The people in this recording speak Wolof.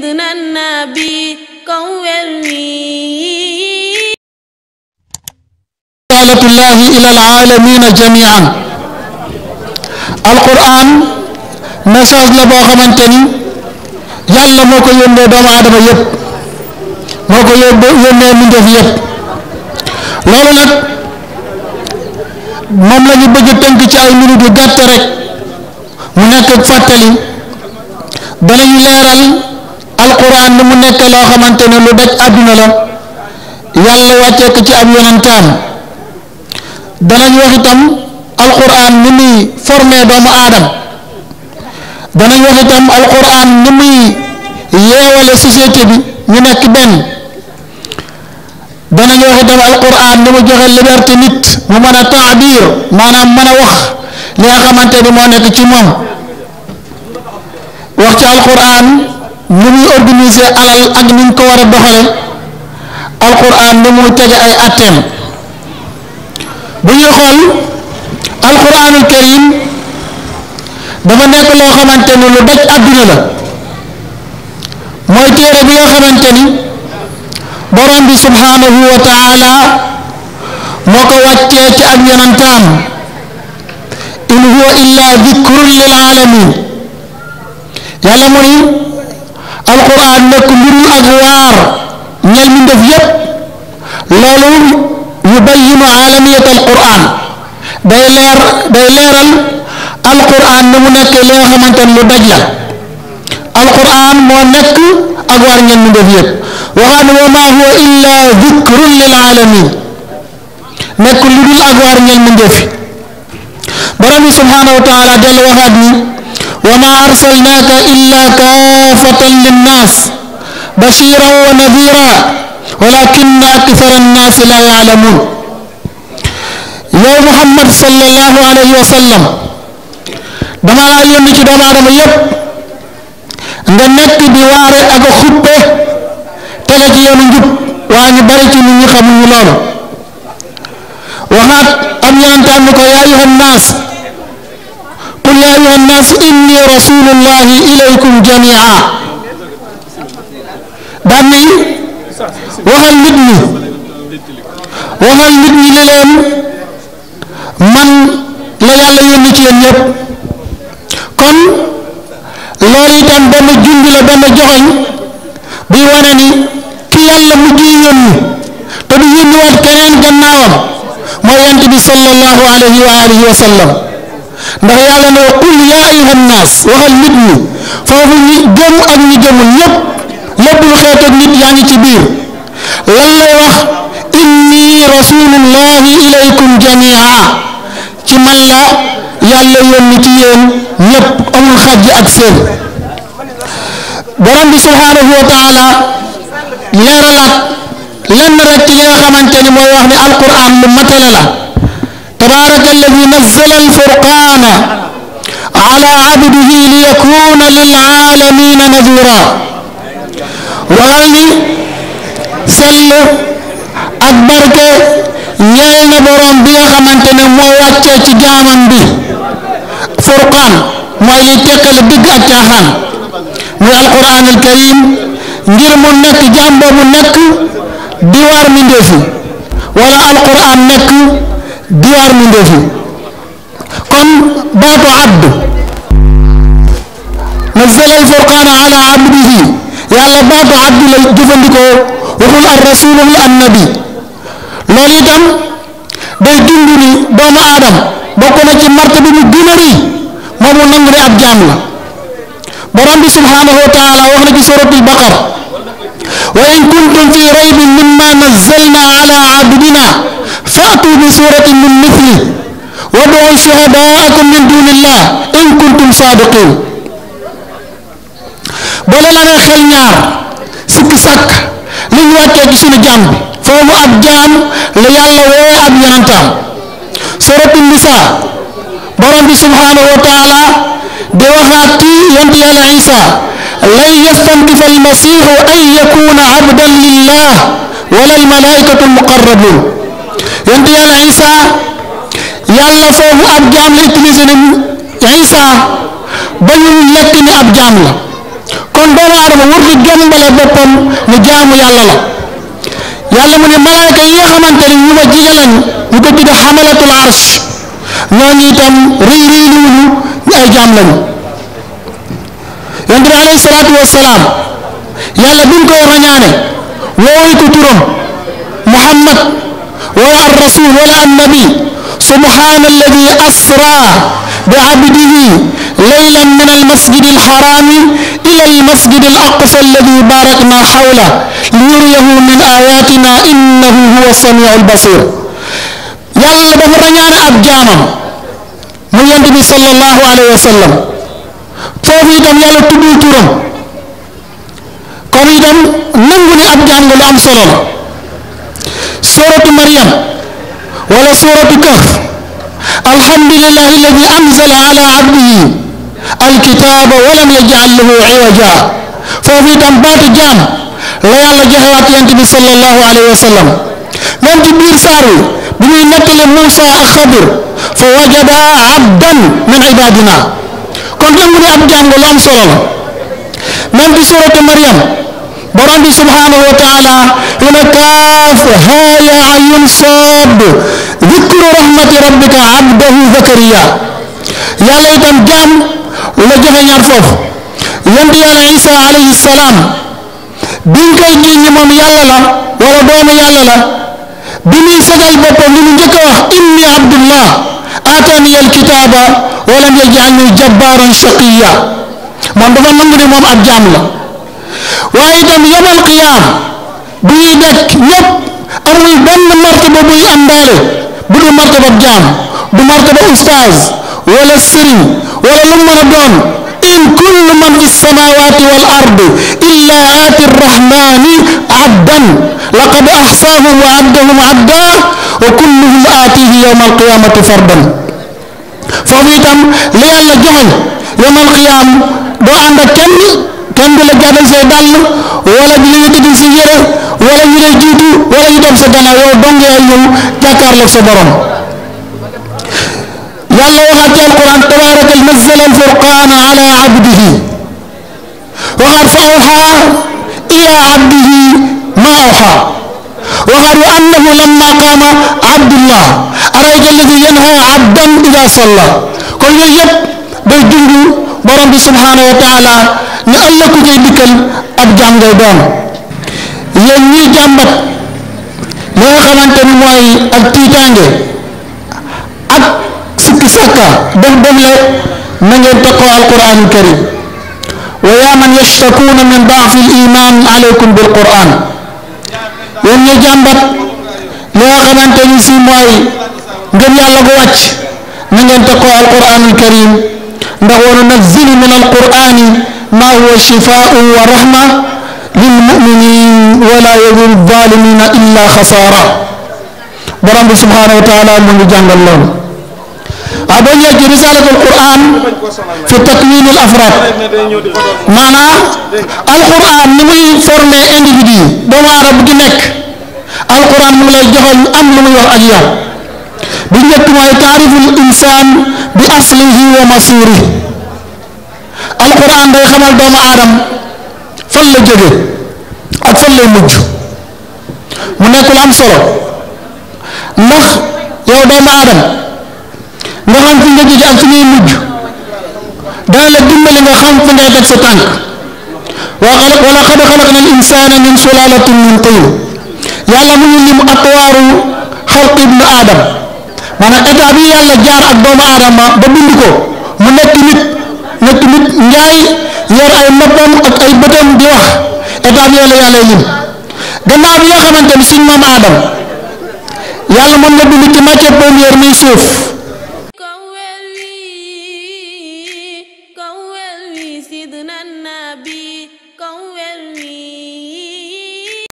سيدنا النبي كوّر لي رحمة الله إلى العالمين la boo xamante ni yàlla moo ko yónnee doomu aadama yëpp moo ko yónnee mbindéef yëpp loolu nag moom la ñu bëgg ci ay minute yu gàtt rek mu nekk fàttali danañu leeral alquran li mu nekk loo xamante ne lu daj àdduna la yàlla wàccee ko ci ab yonantaam danañ wax itam alquran ni muy formé doomu aadam danañ ni muy yeewale société bi ñu nekk benn danañ wax itam alquran ni mu joxe liberté nit mu mën a taabiir maanaam mën a wax li nga xamante ni moo nekk ci moom wax ci alquran ni muy organiser alal ak ni ñu ko war a doxale alquran ni mu tege ay atteem bu ñuy xool alquranul karim dafa nekk loo xamante ni lu daj àdduna la mooy téere bi nga xamante ni borom bi subhanahu wa taala moo ko wàccee ci ak yonantaam in huwa illa dikrun lil alamin yàlla mu ni alquran nekk mbirul ak waar ñel mi ndef yépp loolu yubayinu alamiyat alquran day leer day leeral alquran ni mu nekk li nga xamante ne lu daj la alquran moo nekk ak waar ñel mi ndef yépp waxaan wa ma huwa illa dikrun lil alamin nekk lu dul ak waar ñel mi ndef borom bi subhanahu wa taala dellu waxaat ni wa ma arsalnaaka illa kaafatan linnaas bashiran wa nadira walakinna akthara annaasi la yaalamuun yow muhammad sallallahu alayhi wa sallam damaa yónni ci doomu aadama yépp nga nekk di waare ak a xutbe tege ci yoonu njub waaye ñu bari ci nit ñi xamuñu loolu waxaat am ñaan tànn ko yaa ayyuhan naas yaa ayyuha nnaas inni rasulullahi ilaykum jami'a daan ne waxal nit ñi waxal nit ñi ne leen man la yàlla yónni ci yéen ñëpp kon loolu itam benn junj la benn joxoñ bi wane ni ki yàlla mujjee yónni te du yónniwaat keneen gannaawam mooy yonent bi sallallahu alayhi wa alihi wa sallam ndax yàlla ne qul yaa ayyuhan naas waxal nit ñi foofu ñi gëm ak ñi gëmul ñëpp lépp lu xeet ak nit yaa ngi ci biir lan lay wax inni rasulullahi ilaykum jamia ci man la yàlla yónni ci yéen ñëpp amul xajj ak seen borom bi subhanahu wa taala leeralaat lenn rek ci li nga xamante ni mooy wax ni alquran lu matale la تبارك الذي نزل الفرقان على عبده ليكون للعالمين نذيرا waaye sell ak barke ñeel na borom bi nga xamante ne moo wàccee ci jaamam bi furqaan mooy liy tekkale dëgg ak caaxaan muy alquran al karim ngir mu nekk jaam boobu nekk di waar mi ndéefi wala alquran nekk diwaar mu ndóof yi kon baatu abdu nazalal furqaana ala abdihi yàlla baatu abdu la jëfandikoo waxul ar rasulul annabi loolu itam day dund ni doomu aadama bokk na ci martaba bi mu gën a rëy moom mu nangu ne ab jaam la borom bi subhanahu wa taala wax na ci suratul baqara wa in kuntum fi raybin mimma nazzalna suuratin min mithlihi wad'u shuhadaa'akum min duunillah in kuntum saadiqiin boole la nga xel ñaar sikk sàkk li ñu wàccee ci suñu jaam bi foofu ab jaam la yàlla woowe ab yonantaam suuratul nisaa borom bi subhaanahu wa taala di waxaat ci yonent yàlla Isa lan yastankifa almasiixu an yakuna abdan lillah wala almalaikatu almuqarrabun yontu yàlla Isa yàlla foofu ab jaam la utilisé na Isa ba ñu lekk ni ab jaam la kon doomu aadama war di jombale boppam ni jaamu yàlla la yàlla mu ne malaayka yi nga xamante ni ñu ma jige lañ ñu ko tudde xamalatul arsh ñooñu itam rëy rëy lu ñu ay jaam lañu yontu bi alayhi salaatu wasalaam yàlla bi mu koy rañaane woowee ko turam Muhammad ولا الرسول ولا النبي سبحان الذي أسرى بعبده ليلا من المسجد الحرام إلى المسجد الأقصى الذي باركنا حوله ليريه من آياتنا إنه هو السميع البصير yàlla dafa rañaane ab jaamam mu yonent bi sallallahu alayhi wa sallam foofu itam yàlla tuddul turam kon itam nangu ne ab jaam nga lu am solo la maryam wala suratu kahf alhamdulillahi alladi anzala ala abdihi alkitaba walam yajal lahu iwaja foofu itam baatu jaam la yàlla joxewaat yant bi sallallahu alayhi wa sallam même ci biir saar wi bu ñuy nettali Moussa ak Xadir fa wajada abdan min ibadina kon dem mu ne ab jaam nga lu am solo la même ci suratu maryam borom bi subhanahu wa taala ila kaaf haa yaa ayun saad dikru rahmati rabbika abdahu zakariya yàlla itam jaam la joxe ñaar foofu yonent yàlla isa alayhi salaam biñ koy jiñ ni moom yàlla la wala doomu yàlla la bi muy sagal boppam li mu njëkk a wax inni abdullah aatani al kitaaba walam yaj'alni jabbaaran shaqiya moom dafa nangu ne moom ab jaam la waaye dem yomal qiyaam bu ñuy dekk ñëpp amul benn martaba buy am doole bu dul martaba jaam du martaba ustaaz wala sëriñ wala lu mën a doon in kullu man fi samawati wal ardi illa aati rrahmani abdan laqad ahsahum wa addahum adda wa kulluhum aatihi yowma alqiyamati fardan foofu itam li yàlla joxe yowma alqiyaam doo ànd ak kenn kenn du la gàddal say dàll wala di la yëkkati sa yére wala ñu lay jiitu wala ñu dem sa gannaaw yow dong yaay ñëw jàkkaarloog sa borom yàlla waxaat ci alquran tabaraka nazzala alfurqana ala abdihi wa arfa'uha ila abdihi ma awha وقالوا أنه لما قام عبد الله أرأيت الذي ينهى عبدا إذا صلى كل يوم day junj borom bi subhanahu wa taala ne ëllëg ku koy dikkal ab jaam ngay doon yéen ñuy jàmbat li nga xamante ni mooy ak tiitaange ak sikki sàkka dox demle na ngeen teqoo alquraanul karim wa yaa man yashtakuuna min daafi l iman aleykum bil quraan yéen ñuy jàmbat li nga xamante ni si mooy ngëm yàlla gu wàcc na ngeen teqoo alquraanul karim ndax wa nunazzilu min alquraani ما هو شفاء ورحمة للمؤمنين ولا يزيد الظالمين إلا خسارة برب سبحانه وتعالى من جنب الله أبن يجي رسالة القرآن في تكوين الأفراد معنى القرآن نمي فورمي individu doomu aadama di nekk alquran mu lay joxoon am lu muy wax ak yow bi njëkk mooy taariful insaan bi aslihi wa masirihi alquran day xamal doomu aadam fan la jóge ak fan lay mujj mu nekk lu am solo ndax yow doomu aadam nga xam fi nga jóge ak fi ngay mujj daa la dimbali nga xam fi ngay teg sa tànk wa laqad xalaqna al insana min sulalatin min tin yàlla mu ngi lim atwaaru xalq ibnu aadam maanaam état bi yàlla jaar ak doomu aadama ba bind ko mu nekk nit nekk nit njaay yor ay noppam ak ay bëtam di wax état bi yàlla yàlla ñun gannaaw bi nga xamante ni suñ maam aadam yàlla moom la bind ci matière première muy suuf